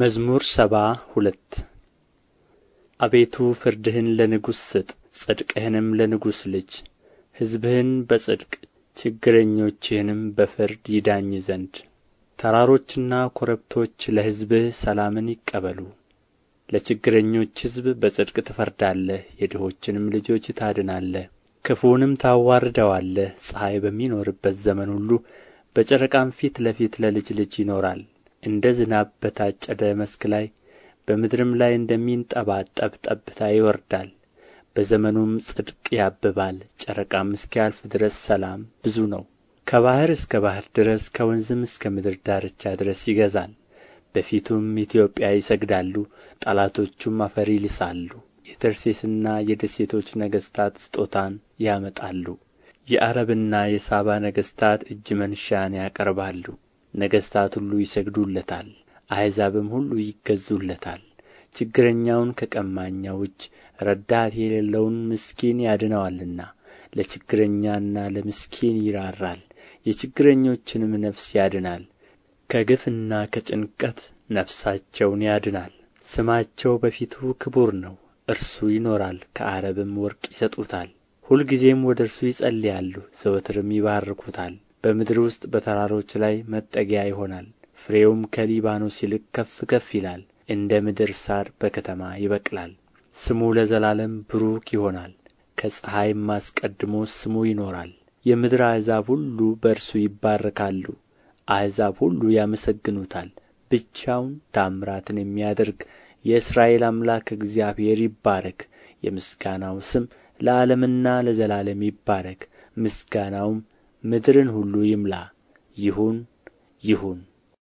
መዝሙር ሰባ ሁለት አቤቱ ፍርድህን ለንጉሥ ስጥ፣ ጽድቅህንም ለንጉሥ ልጅ። ሕዝብህን በጽድቅ ችግረኞችህንም በፍርድ ይዳኝ ዘንድ ተራሮችና ኮረብቶች ለሕዝብህ ሰላምን ይቀበሉ። ለችግረኞች ሕዝብ በጽድቅ ትፈርዳለህ፣ የድሆችንም ልጆች ታድናለህ። ክፉውንም ታዋርደዋለህ። ፀሐይ በሚኖርበት ዘመን ሁሉ በጨረቃም ፊት ለፊት ለልጅ ልጅ ይኖራል። እንደ ዝናብ በታጨደ መስክ ላይ በምድርም ላይ እንደሚንጠባጠብ ጠብታ ይወርዳል በዘመኑም ጽድቅ ያብባል ጨረቃም እስኪያልፍ ድረስ ሰላም ብዙ ነው ከባሕር እስከ ባሕር ድረስ ከወንዝም እስከ ምድር ዳርቻ ድረስ ይገዛል በፊቱም ኢትዮጵያ ይሰግዳሉ ጠላቶቹም አፈር ይልሳሉ የተርሴስና የደሴቶች ነገሥታት ስጦታን ያመጣሉ የአረብና የሳባ ነገሥታት እጅ መንሻን ያቀርባሉ ነገሥታት ሁሉ ይሰግዱለታል፣ አሕዛብም ሁሉ ይገዙለታል። ችግረኛውን ከቀማኛው እጅ ረዳት የሌለውን ምስኪን ያድነዋልና ለችግረኛና ለምስኪን ይራራል፣ የችግረኞችንም ነፍስ ያድናል። ከግፍና ከጭንቀት ነፍሳቸውን ያድናል። ስማቸው በፊቱ ክቡር ነው፣ እርሱ ይኖራል፣ ከአረብም ወርቅ ይሰጡታል። ሁልጊዜም ወደ እርሱ ይጸልያሉ፣ ዘወትርም ይባርኩታል። በምድር ውስጥ በተራሮች ላይ መጠጊያ ይሆናል ፍሬውም ከሊባኖስ ይልቅ ከፍ ከፍ ይላል እንደ ምድር ሣር በከተማ ይበቅላል ስሙ ለዘላለም ብሩክ ይሆናል ከፀሐይም አስቀድሞ ስሙ ይኖራል የምድር አሕዛብ ሁሉ በእርሱ ይባረካሉ አሕዛብ ሁሉ ያመሰግኑታል ብቻውን ታምራትን የሚያደርግ የእስራኤል አምላክ እግዚአብሔር ይባረክ የምስጋናው ስም ለዓለምና ለዘላለም ይባረክ ምስጋናውም ምድርን ሁሉ ይምላ ይሁን ይሁን